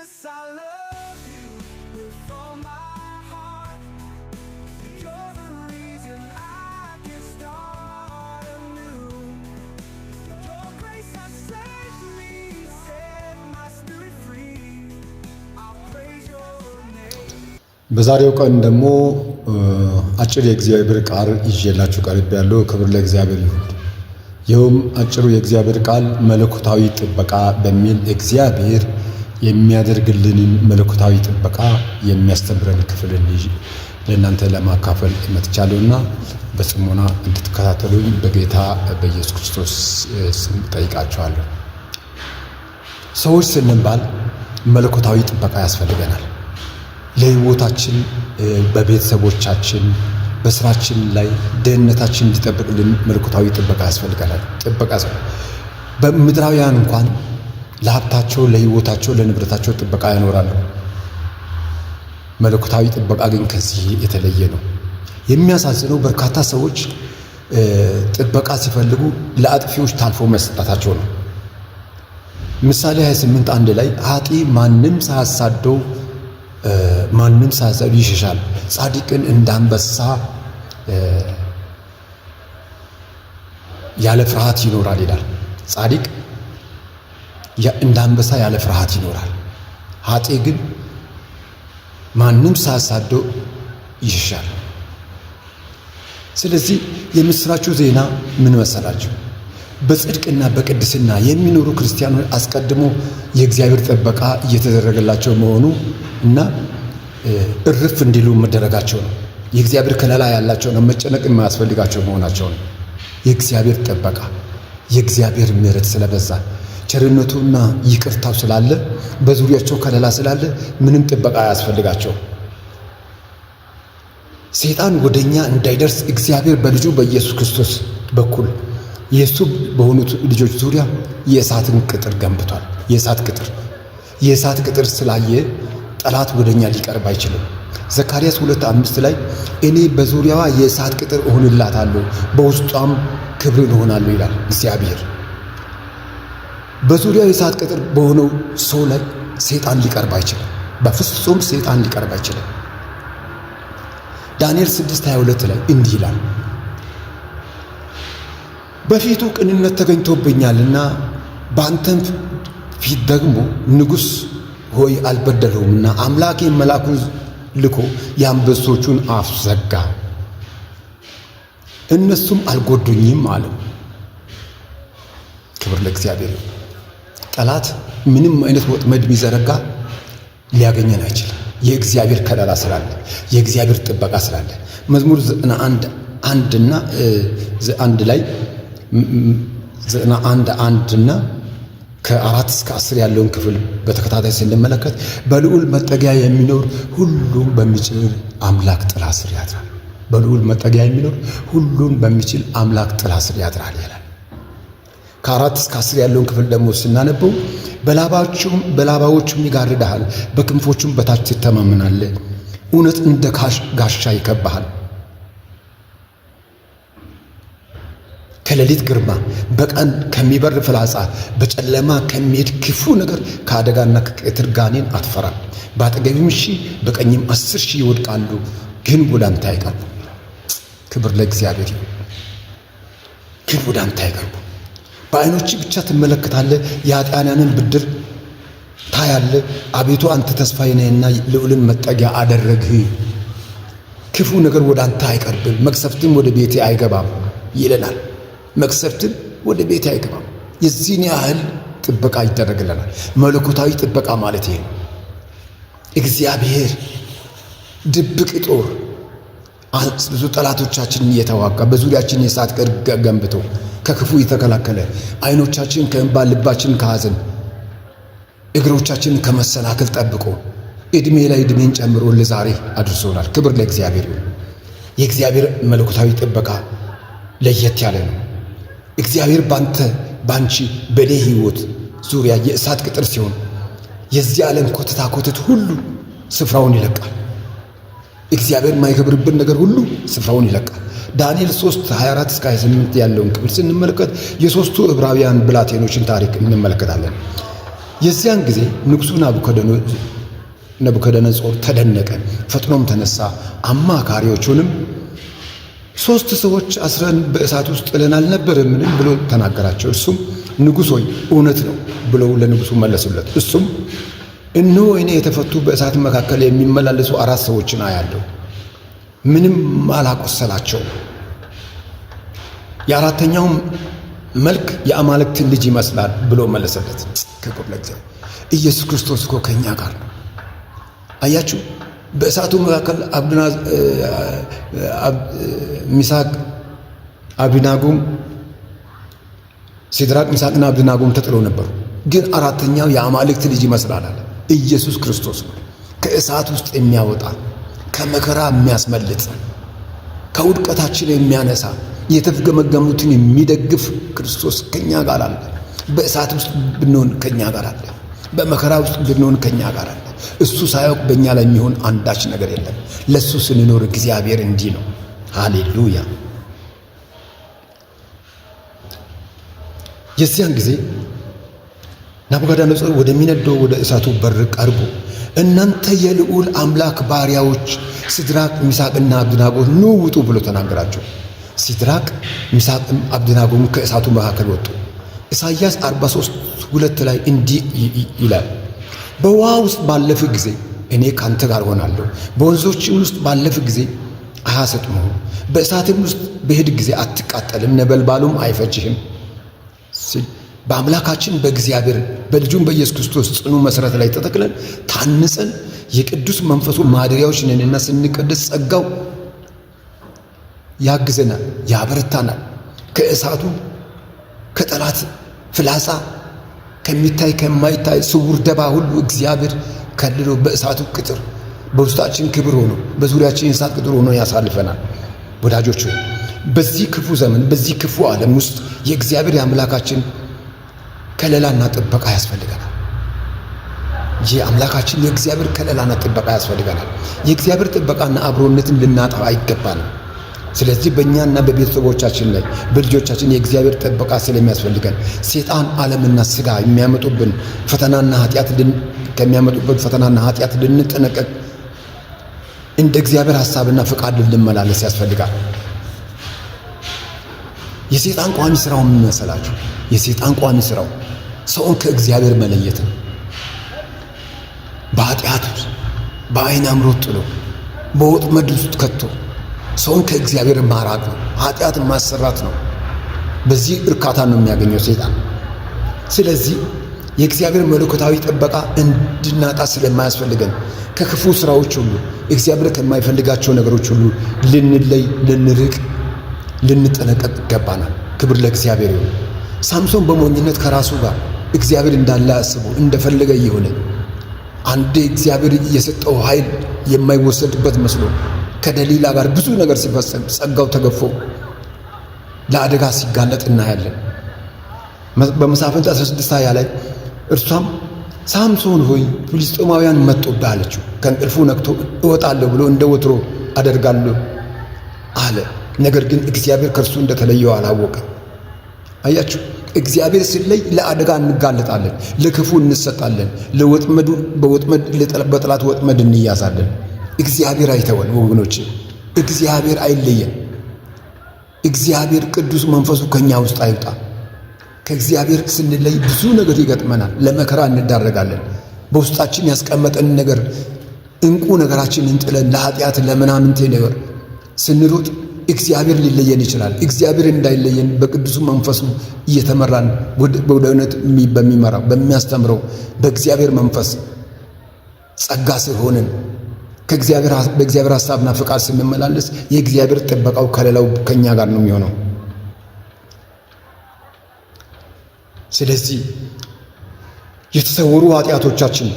Cause I love you with all my heart You're the reason I can start anew Your grace has saved me, set my spirit free I'll praise your name በዛሬው ቀን ደግሞ አጭር የእግዚአብሔር ቃል ይዤላችሁ ቀርብ ያለው ክብር ለእግዚአብሔር ይሁን። ይኸውም አጭሩ የእግዚአብሔር ቃል መለኮታዊ ጥበቃ በሚል እግዚአብሔር የሚያደርግልንን መለኮታዊ ጥበቃ የሚያስተምረን ክፍልን ለእናንተ ለማካፈል መጥቻለሁና በጽሞና እንድትከታተሉኝ በጌታ በኢየሱስ ክርስቶስ ስም ጠይቃቸዋለሁ። ሰዎች ስንባል መለኮታዊ ጥበቃ ያስፈልገናል። ለሕይወታችን፣ በቤተሰቦቻችን፣ በስራችን ላይ ደህንነታችን እንዲጠብቅልን መለኮታዊ ጥበቃ ያስፈልገናል። ጥበቃ ሰው በምድራውያን እንኳን ለሀብታቸው፣ ለህይወታቸው፣ ለንብረታቸው ጥበቃ ያኖራሉ። መለኮታዊ ጥበቃ ግን ከዚህ የተለየ ነው። የሚያሳዝነው በርካታ ሰዎች ጥበቃ ሲፈልጉ ለአጥፊዎች ታልፎ መሰጣታቸው ነው። ምሳሌ 28 አንድ ላይ አጢ ማንም ሳያሳደው ማንም ሳያሳደው ይሸሻል፣ ጻድቅን እንዳንበሳ ያለ ፍርሃት ይኖራል ይላል። ጻድቅ እንደ አንበሳ ያለ ፍርሃት ይኖራል። ሀጤ ግን ማንም ሳያሳደው ይሸሻል። ስለዚህ የምስራቹ ዜና ምን መሰላችሁ? በጽድቅና በቅድስና የሚኖሩ ክርስቲያኖች አስቀድሞ የእግዚአብሔር ጥበቃ እየተደረገላቸው መሆኑ እና እርፍ እንዲሉ መደረጋቸው ነው። የእግዚአብሔር ከለላ ያላቸው ነው። መጨነቅ የማያስፈልጋቸው መሆናቸው ነው። የእግዚአብሔር ጥበቃ፣ የእግዚአብሔር ምሕረት ስለበዛ ቸርነቱና ይቅርታው ስላለ በዙሪያቸው ከለላ ስላለ ምንም ጥበቃ አያስፈልጋቸው። ሰይጣን ወደ እኛ እንዳይደርስ እግዚአብሔር በልጁ በኢየሱስ ክርስቶስ በኩል የእሱ በሆኑት ልጆች ዙሪያ የእሳትን ቅጥር ገንብቷል። የእሳት ቅጥር የእሳት ቅጥር ስላየ ጠላት ወደ እኛ ሊቀርብ አይችልም። ዘካርያስ ሁለት አምስት ላይ እኔ በዙሪያዋ የእሳት ቅጥር እሆንላታለሁ፣ በውስጧም ክብርን እሆናለሁ ይላል እግዚአብሔር። በዙሪያው የሰዓት ቅጥር በሆነው ሰው ላይ ሰይጣን ሊቀርብ አይችልም። በፍጹም ሴጣን ሊቀርብ አይችልም። ዳንኤል 6:22 ላይ እንዲህ ይላል፣ በፊቱ ቅንነት ተገኝቶብኛልና በአንተም ፊት ደግሞ ንጉሥ ሆይ አልበደለውምና አምላኬ መላኩን ልኮ የአንበሶቹን አፍ ዘጋ፣ እነሱም አልጎዱኝም አለው። ክብር ለእግዚአብሔር። ጠላት ምንም አይነት ወጥመድ ቢዘረጋ ሊያገኘን አይችልም። የእግዚአብሔር ከለላ ስላለ፣ የእግዚአብሔር ጥበቃ ስላለ መዝሙር ዘጠና አንድ አንድና አንድ ላይ ዘጠና አንድ አንድና ከአራት እስከ አስር ያለውን ክፍል በተከታታይ ስንመለከት በልዑል መጠጊያ የሚኖር ሁሉን በሚችል አምላክ ጥላ ስር ያድራል። በልዑል መጠጊያ የሚኖር ሁሉን በሚችል አምላክ ጥላ ስር ያድራል ይላል። ከአራት እስከ አስር ያለውን ክፍል ደግሞ ስናነበው በላባዎቹም ይጋርድሃል፣ በክንፎቹም በታች ትተማመናለህ። እውነት እንደ ጋሻ ይከባሃል። ከሌሊት ግርማ፣ በቀን ከሚበር ፍላጻ፣ በጨለማ ከሚሄድ ክፉ ነገር ከአደጋና ከቀትር ጋኔን አትፈራም። በአጠገብም ሺህ በቀኝም አስር ሺህ ይወድቃሉ፣ ግን ወደ አንተ አይቀርቡ። ክብር ለእግዚአብሔር። ግን ወደ አንተ አይቀርቡ። በአይኖች ብቻ ትመለከታለህ፣ የኃጢአናንን ብድር ታያለህ። አቤቱ አንተ ተስፋዬ ነህና ልዑልን መጠጊያ አደረግህ። ክፉ ነገር ወደ አንተ አይቀርብም፣ መቅሰፍትም ወደ ቤቴ አይገባም ይለናል። መቅሰፍትም ወደ ቤቴ አይገባም። የዚህን ያህል ጥበቃ ይደረግልናል። መለኮታዊ ጥበቃ ማለት ይሄ ነው። እግዚአብሔር ድብቅ ጦር ብዙ ጠላቶቻችን እየተዋጋ በዙሪያችን የእሳት ቅርብ ገንብቶ ከክፉ የተከላከለ አይኖቻችን ከእንባ ልባችን ከሐዘን እግሮቻችን ከመሰናክል ጠብቆ እድሜ ላይ እድሜን ጨምሮ ለዛሬ አድርሶናል። ክብር ለእግዚአብሔር ይሁን። የእግዚአብሔር መለኮታዊ ጥበቃ ለየት ያለ ነው። እግዚአብሔር ባንተ ባንቺ በኔ ህይወት ዙሪያ የእሳት ቅጥር ሲሆን የዚህ ዓለም ኮተታ ኮተት ሁሉ ስፍራውን ይለቃል። እግዚአብሔር የማይከብርብን ነገር ሁሉ ስፍራውን ይለቃል። ዳንኤል 3 24 እስከ 28 ያለውን ክፍል ስንመለከት የሶስቱ ዕብራውያን ብላቴኖችን ታሪክ እንመለከታለን። የዚያን ጊዜ ንጉሡ ናቡከደነጾር ተደነቀ፣ ፈጥኖም ተነሳ፣ አማካሪዎቹንም ሶስት ሰዎች አስረን በእሳት ውስጥ ጥለን አልነበረምን ብሎ ተናገራቸው። እሱ ንጉሥ ሆይ እውነት ነው ብለው ለንጉሱ መለሱለት። እሱም እነሆ እኔ የተፈቱ በእሳት መካከል የሚመላለሱ አራት ሰዎችን አያለሁ ምንም አላቆሰላቸው። የአራተኛውም መልክ የአማልክትን ልጅ ይመስላል ብሎ መለሰለት። ክብር ለእግዚአብሔር። ኢየሱስ ክርስቶስ እኮ ከእኛ ጋር ነው። አያችሁ፣ በእሳቱ መካከል ሚሳቅ አብድናጉም ሲድራቅ ሚሳቅና አብድናጉም ተጥሎ ነበሩ። ግን አራተኛው የአማልክት ልጅ ይመስላል አለ። ኢየሱስ ክርስቶስ ነው ከእሳት ውስጥ የሚያወጣ ከመከራ የሚያስመልጥ ከውድቀታችን የሚያነሳ የተፍገመገሙትን የሚደግፍ ክርስቶስ ከኛ ጋር አለ። በእሳት ውስጥ ብንሆን ከኛ ጋር አለ። በመከራ ውስጥ ብንሆን ከኛ ጋር አለ። እሱ ሳያውቅ በእኛ ላይ የሚሆን አንዳች ነገር የለም። ለእሱ ስንኖር እግዚአብሔር እንዲህ ነው። ሃሌሉያ። የዚያን ጊዜ ናቡከደነፆር ወደሚነደው ወደ እሳቱ በር ቀርቦ እናንተ የልዑል አምላክ ባሪያዎች ሲድራቅ ሚሳቅና አብድናጎ ኑ ውጡ ብሎ ተናገራቸው። ሲድራቅ ሚሳቅም አብድናጎም ከእሳቱ መካከል ወጡ። ኢሳይያስ 43 ሁለት ላይ እንዲህ ይላል፣ በውሃ ውስጥ ባለፍ ጊዜ እኔ ካንተ ጋር ሆናለሁ፣ በወንዞች ውስጥ ባለፍ ጊዜ አያሰጥምህም፣ በእሳትም ውስጥ በሄድ ጊዜ አትቃጠልም፣ ነበልባሉም አይፈጅህም በአምላካችን በእግዚአብሔር በልጁም በኢየሱስ ክርስቶስ ጽኑ መሠረት ላይ ተተክለን ታንጸን የቅዱስ መንፈሱ ማደሪያዎች ነንና ስንቀደስ ጸጋው ያግዘናል፣ ያበረታናል። ከእሳቱ ከጠላት ፍላጻ ከሚታይ ከማይታይ ስውር ደባ ሁሉ እግዚአብሔር ከልሎ በእሳቱ ቅጥር በውስጣችን ክብር ሆኖ በዙሪያችን የእሳት ቅጥር ሆኖ ያሳልፈናል። ወዳጆች በዚህ ክፉ ዘመን በዚህ ክፉ ዓለም ውስጥ የእግዚአብሔር የአምላካችን ከለላና ጥበቃ ያስፈልገናል እንጂ አምላካችን የእግዚአብሔር ከለላና ጥበቃ ያስፈልገናል። የእግዚአብሔር ጥበቃና አብሮነትን ልናጣው አይገባንም። ስለዚህ በእኛና በቤተሰቦቻችን ላይ በልጆቻችን የእግዚአብሔር ጥበቃ ስለሚያስፈልገን ሴጣን ዓለምና ስጋ የሚያመጡብን ፈተናና ኃጢአት ከሚያመጡብን ፈተናና ኃጢአት ልንጠነቀቅ እንደ እግዚአብሔር ሐሳብና ፈቃድ ልንመላለስ ያስፈልጋል። የሴጣን ቋሚ ስራውን ምን መሰላችሁ? የሴጣን ቋሚ ስራው ሰውን ከእግዚአብሔር መለየት ነው። በኃጢአት በአይን አምሮት ጥሎ በወጥመድ ውስጥ ከቶ ሰውን ከእግዚአብሔር ማራቅ ነው። ኃጢአትን ማሰራት ነው። በዚህ እርካታ ነው የሚያገኘው ሴጣን። ስለዚህ የእግዚአብሔር መለኮታዊ ጥበቃ እንድናጣ ስለማያስፈልገን ከክፉ ስራዎች ሁሉ እግዚአብሔር ከማይፈልጋቸው ነገሮች ሁሉ ልንለይ፣ ልንርቅ፣ ልንጠነቀቅ ይገባናል። ክብር ለእግዚአብሔር ይሁን። ሳምሶን በሞኝነት ከራሱ ጋር እግዚአብሔር እንዳለ አስቦ እንደፈለገ እየሆነ አንዴ እግዚአብሔር የሰጠው ኃይል የማይወሰድበት መስሎ ከደሊላ ጋር ብዙ ነገር ሲፈጸም ጸጋው ተገፎ ለአደጋ ሲጋለጥ እናያለን። በመሳፍንት 16 ሃያ ላይ እርሷም ሳምሶን ሆይ ፍልስጥኤማውያን መጡብህ አለችው። ከእንቅልፉ ነቅቶ እወጣለሁ ብሎ እንደ ወትሮ አደርጋለሁ አለ። ነገር ግን እግዚአብሔር ከእርሱ እንደተለየው አላወቀም። አያችሁ፣ እግዚአብሔር ሲለይ ለአደጋ እንጋለጣለን፣ ለክፉ እንሰጣለን፣ ለወጥመዱ በወጥመድ በጠላት ወጥመድ እንያዛለን። እግዚአብሔር አይተወን ወገኖች፣ እግዚአብሔር አይለየን። እግዚአብሔር ቅዱስ መንፈሱ ከኛ ውስጥ አይውጣ። ከእግዚአብሔር ስንለይ ብዙ ነገር ይገጥመናል፣ ለመከራ እንዳረጋለን። በውስጣችን ያስቀመጠን ነገር እንቁ ነገራችንን እንጥለን ለኃጢአት ለምናምንቴ ነገር ስንሮጥ እግዚአብሔር ሊለየን ይችላል። እግዚአብሔር እንዳይለየን በቅዱሱ መንፈሱ እየተመራን ወደ እውነት በሚመራው በሚያስተምረው በእግዚአብሔር መንፈስ ጸጋ ሲሆንን በእግዚአብሔር ሀሳብና ፍቃድ ስንመላለስ የእግዚአብሔር ጥበቃው ከሌላው ከኛ ጋር ነው የሚሆነው። ስለዚህ የተሰወሩ ኃጢአቶቻችን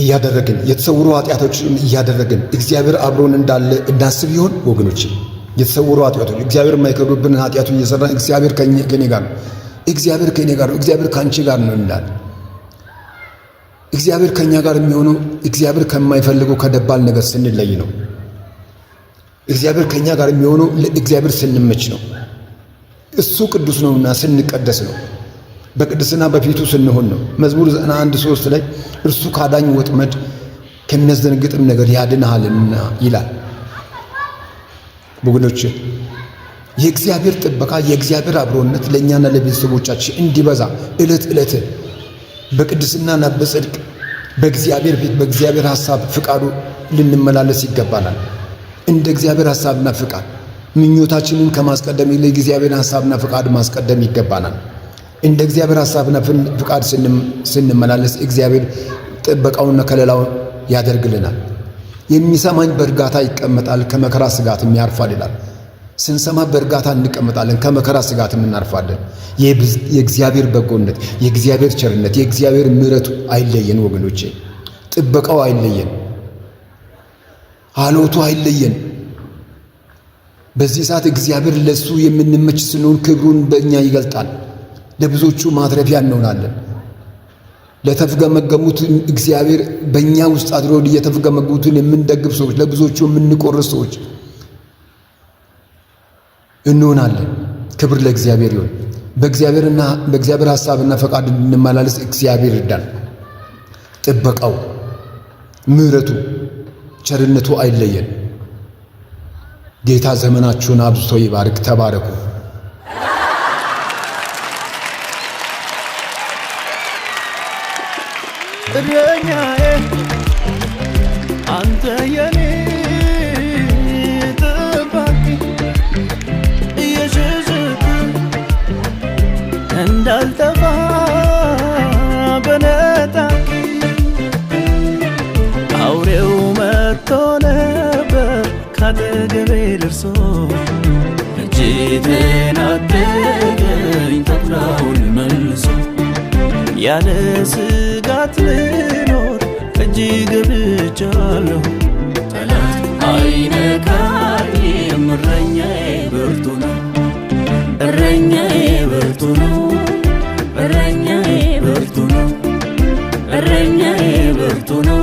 እያደረግን የተሰወሩ ኃጢአቶችን እያደረግን እግዚአብሔር አብሮን እንዳለ እናስብ ይሆን ወገኖችን? የተሰወሩ ኃጢአቶች እግዚአብሔር የማይከዱብን ኃጢአቱ እየሰራን እግዚአብሔር ከኔ ጋር ነው፣ እግዚአብሔር ከኔ ጋር ነው፣ እግዚአብሔር ከአንቺ ጋር ነው እንላለን። እግዚአብሔር ከእኛ ጋር የሚሆነው እግዚአብሔር ከማይፈልገው ከደባል ነገር ስንለይ ነው። እግዚአብሔር ከእኛ ጋር የሚሆነው ለእግዚአብሔር ስንመች ነው። እሱ ቅዱስ ነውና ስንቀደስ ነው። በቅድስና በፊቱ ስንሆን ነው። መዝሙር ዘጠና አንድ ሶስት ላይ እርሱ ካዳኝ ወጥመድ ከሚያስደነግጥም ነገር ያድንሃልና ይላል። ወገኖች የእግዚአብሔር ጥበቃ የእግዚአብሔር አብሮነት ለእኛና ለቤተሰቦቻችን እንዲበዛ እለት እለት በቅድስናና በጽድቅ በእግዚአብሔር ቤት በእግዚአብሔር ሐሳብ ፍቃዱ ልንመላለስ ይገባናል። እንደ እግዚአብሔር ሐሳብና ፍቃድ ምኞታችንን ከማስቀደም ይልቅ እግዚአብሔር ሐሳብና ፍቃድ ማስቀደም ይገባናል። እንደ እግዚአብሔር ሐሳብና ፍቃድ ስንመላለስ እግዚአብሔር ጥበቃውንና ከለላውን ያደርግልናል። የሚሰማኝ በእርጋታ ይቀመጣል፣ ከመከራ ስጋትም ያርፋል ይላል። ስንሰማ በእርጋታ እንቀመጣለን፣ ከመከራ ስጋትም እናርፋለን። የእግዚአብሔር በጎነት፣ የእግዚአብሔር ቸርነት፣ የእግዚአብሔር ምሕረቱ አይለየን ወገኖቼ። ጥበቃው አይለየን፣ አሎቱ አይለየን። በዚህ ሰዓት እግዚአብሔር ለሱ የምንመች ስንሆን ክብሩን በእኛ ይገልጣል። ለብዙዎቹ ማትረፊያ እንሆናለን። ለተፍገመገሙት እግዚአብሔር በእኛ ውስጥ አድሮ እየተፍገመገሙትን የምንደግፍ ሰዎች፣ ለብዙዎቹ የምንቆርስ ሰዎች እንሆናለን። ክብር ለእግዚአብሔር ይሆን። በእግዚአብሔርና በእግዚአብሔር ሐሳብና ፈቃድ እንድንመላለስ እግዚአብሔር ይርዳል። ጥበቃው፣ ምሕረቱ፣ ቸርነቱ አይለየን። ጌታ ዘመናችሁን አብዝቶ ይባርክ። ተባረኩ። እረኛዬ አንተ የኔ ጠባቂ ኢየሱስ እንዳልጠፋ በነጣቂ አውሬው መጥቶ ነበር ካጠገቤ ደርሶ እጅቴን አደገኝ ተኩላውን መልሶ ያለ ስጋት ልኖር እጅ ብቻለሁ። ጠላት አይነካኝ፣ እረኛዬ ብርቱ ነው፣ እረኛዬ ብርቱ ነው፣ እረኛዬ ብርቱ ነው፣ እረኛዬ ብርቱ ነው።